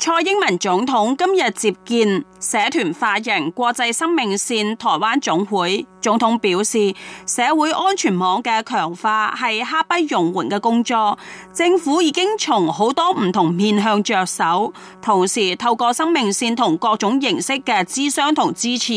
蔡英文總統今日接見社團法人國際生命線台灣總會，總統表示，社會安全網嘅強化係刻不容緩嘅工作，政府已經從好多唔同面向着手，同時透過生命線同各種形式嘅諮商同支持，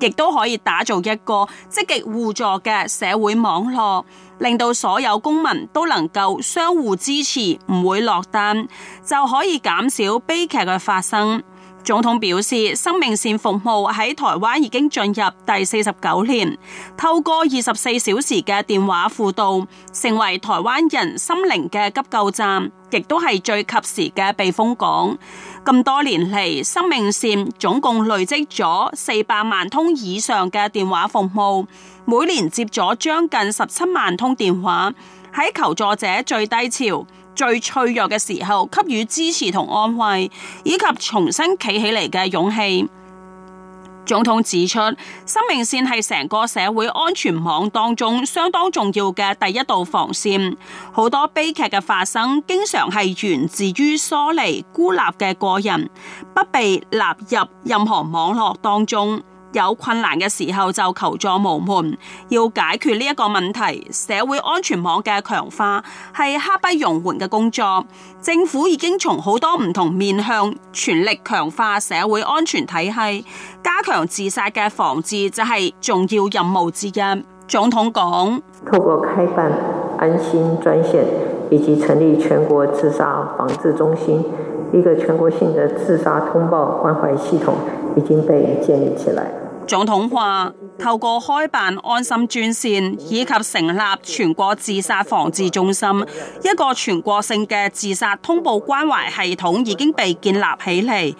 亦都可以打造一個積極互助嘅社會網絡，令到所有公民都能夠相互支持，唔會落單，就可以減少悲劇嘅發生，總統表示，生命線服務喺台灣已經進入第四十九年，透過二十四小時嘅電話輔導，成為台灣人心靈嘅急救站，亦都係最及時嘅避風港。咁多年嚟，生命線總共累積咗四百萬通以上嘅電話服務，每年接咗將近十七萬通電話，喺求助者最低潮，最脆弱嘅時候，給予支持同安慰，以及重新企起嚟嘅勇氣。總統指出，生命線係成個社會安全網當中相當重要嘅第一道防線。好多悲劇嘅發生，經常係源自於疏離、孤立嘅個人，不被納入任何網絡當中。有困難嘅時候就求助無門，要解決呢一個問題，社會安全網嘅強化係刻不容緩嘅工作。政府已經從好多唔同面向全力強化社會安全體系，加強自殺嘅防治就係重要任務之一。總統講：透過開辦安心專線以及成立全國自殺防治中心，一個全國性的自殺通報關懷系統已經被建立起來。總統話：透過開辦安心專線以及成立全國自殺防治中心，一個全國性嘅自殺通報關懷系統已經被建立起嚟。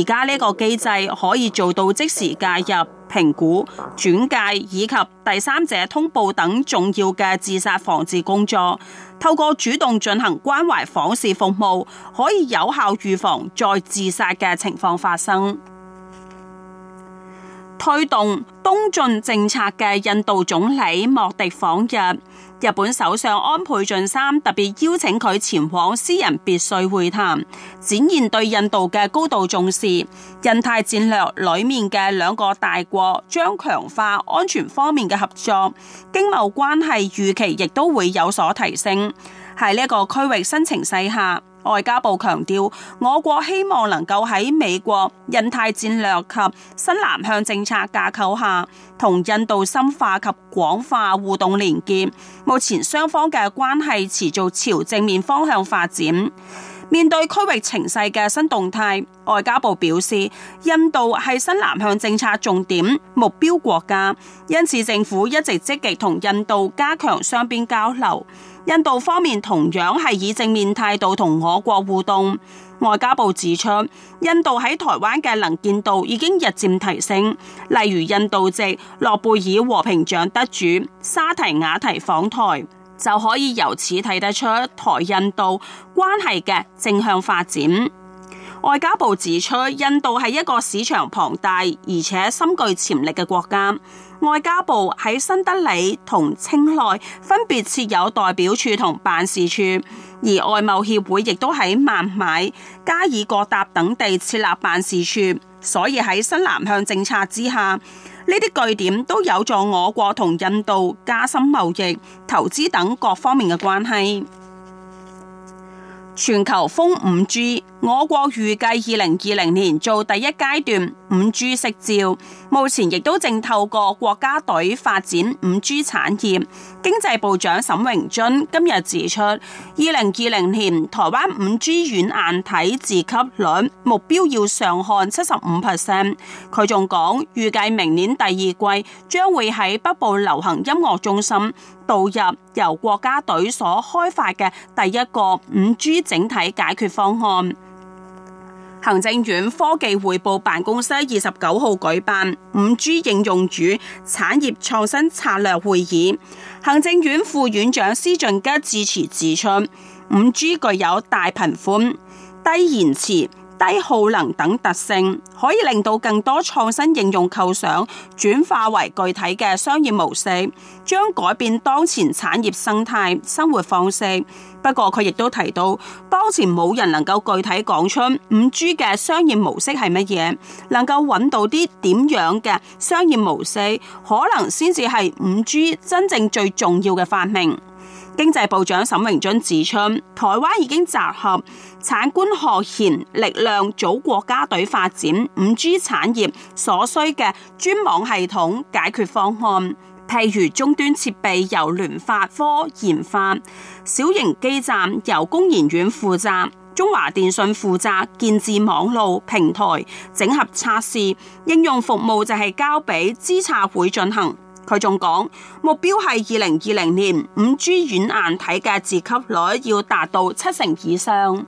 而家呢個機制可以做到即時介入、評估、轉介以及第三者通報等重要嘅自殺防治工作。透過主動進行關懷訪視服務，可以有效預防再自殺嘅情況發生。推動東進政策嘅印度總理莫迪訪日，日本首相安倍晉三特別邀請佢前往私人別墅會談，展現對印度嘅高度重視。印太戰略裏面嘅兩個大國將強化安全方面嘅合作，經貿關係預期亦都會有所提升。喺呢個區域新情勢下。外交部強調，我國希望能夠喺美國印太戰略及新南向政策架構下，同印度深化及廣化互動連結。目前雙方嘅關係持續朝正面方向發展。面對區域情勢嘅新動態，外交部表示，印度係新南向政策重點目標國家，因此政府一直積極同印度加強雙邊交流。印度方面同樣係以正面態度同我國互動。外交部指出，印度喺台灣嘅能見度已經日漸提升，例如印度籍諾貝爾和平獎得主沙提雅提訪台。就可以由此睇得出台印度關係嘅正向發展。外交部指出，印度係一個市場龐大而且深具潛力嘅國家。外交部喺新德里同清奈分別設有代表處同辦事處，而外貿協會亦都喺孟買、加爾各答等地設立辦事處，所以喺新南向政策之下，呢啲據點都有助我國同印度加深貿易、投資等各方面嘅關係。全球封五 G，我國預計二零二零年做第一階段五 G 釋照。目前亦都正透過國家隊發展五 G 產業，經濟部長沈榮津今日指出，二零二零年台灣五 G 軟硬體自給率目標要上看七十五 percent。佢仲講，預計明年第二季將會喺北部流行音樂中心導入由國家隊所開發嘅第一個五 G 整體解決方案。行政院科技匯報辦公室二十九號舉辦五 G 應用與產業創新策略會議，行政院副院長施俊吉致辭指出，五 G 具有大頻寬、低延遲、低耗能等特性，可以令到更多創新應用構想轉化為具體嘅商業模式，將改變當前產業生態生活方式。不過佢亦都提到，當前冇人能夠具體講出五 G 嘅商業模式係乜嘢，能夠揾到啲點樣嘅商業模式，可能先至係五 G 真正最重要嘅發明。經濟部長沈榮津指出，台灣已經集合產官學研力量，組國家隊發展五 G 產業所需嘅專網系統解決方案。譬如終端設備由聯發科研發，小型基站由工研院負責，中華電信負責建置網路平台整合測試，應用服務就係交俾資策會進行。佢仲講，目標係二零二零年五 G 軟硬體嘅自給率要達到七成以上。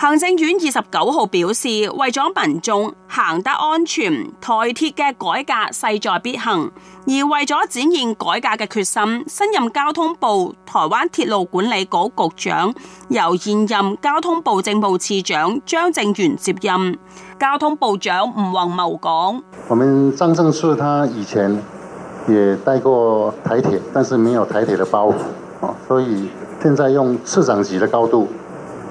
行政院二十九號表示，為咗民眾行得安全，台鐵嘅改革勢在必行。而為咗展現改革嘅決心，新任交通部台灣鐵路管理局局長由現任交通部政務次長張政源接任。交通部長吳宏謀講：我們張政源他以前也帶過台鐵，但是沒有台鐵嘅包袱，所以現在用次長級的高度。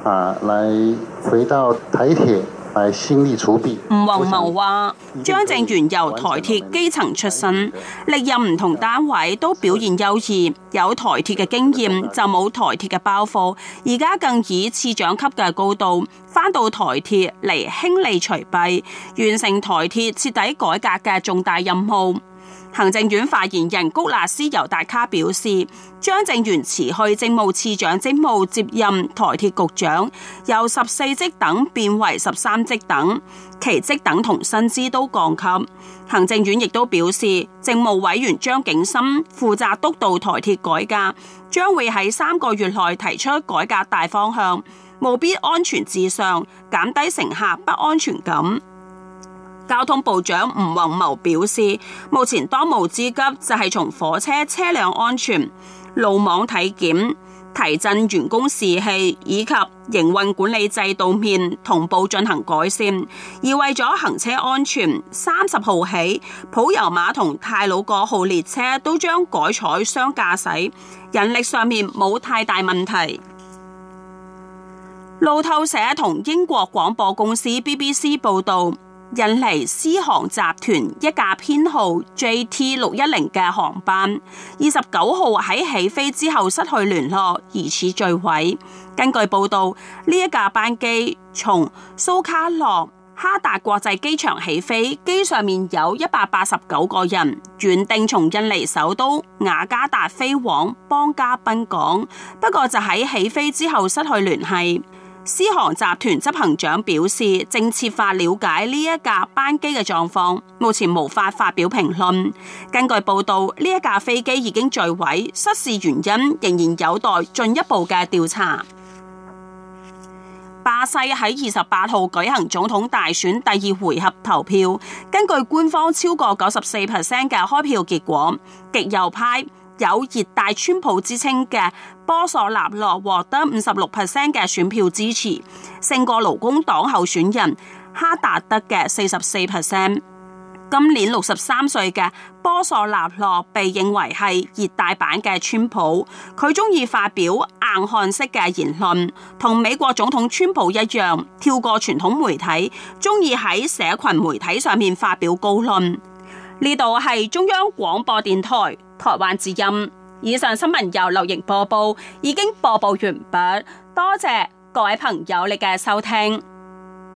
啊！嚟，回到台鐵，嚟興利除弊。吳宏謀話：張政源由台鐵基層出身，歷任唔同單位都表現優異，有台鐵嘅經驗就冇台鐵嘅包袱，而家更以次長級嘅高度返到台鐵嚟興利除弊，完成台鐵徹底改革嘅重大任務。行政院發言人谷辣斯尤達卡表示，張政源辭去政務次長職務，接任台鐵局長，由十四職等變為十三職等，其職等同薪資都降級。行政院亦都表示，政務委員張景森負責督導台鐵改革，將會喺三個月內提出改革大方向，務必安全至上，減低乘客不安全感。交通部長吳宏謀表示，目前當務之急就係、是、從火車車輛安全、路網體檢、提振員工士氣以及營運管理制度面同步進行改善。而為咗行車安全，三十號起，普悠瑪同太魯閣號列車都將改採雙駕駛，人力上面冇太大問題。路透社同英國廣播公司 BBC 報道。印尼獅航集團一架編號 JT 六一零嘅航班，二十九號喺起飛之後失去聯絡，疑似墜毀。根據報道，呢一架班機從蘇卡諾哈達國際機場起飛，機上面有一百八十九個人，原定從印尼首都雅加達飛往邦加賓港，不過就喺起飛之後失去聯繫。獅航集團執行長表示，正設法了解呢一架班機嘅狀況，目前無法發表評論。根據報道，呢一架飛機已經墜毀，失事原因仍然有待進一步嘅調查。巴西喺二十八號舉行總統大選第二回合投票，根據官方超過九十四 percent 嘅開票結果，極右派。有熱帶川普之稱嘅波索納洛獲得五十六 percent 嘅選票支持，勝過勞工黨候選人哈達德嘅四十四 percent。今年六十三歲嘅波索納洛被認為係熱帶版嘅川普，佢中意發表硬漢式嘅言論，同美國總統川普一樣，跳過傳統媒體，中意喺社群媒體上面發表高論。呢度係中央廣播電台。台灣之音，以上新聞由劉瑩播報，已經播報完畢，多謝各位朋友你嘅收聽。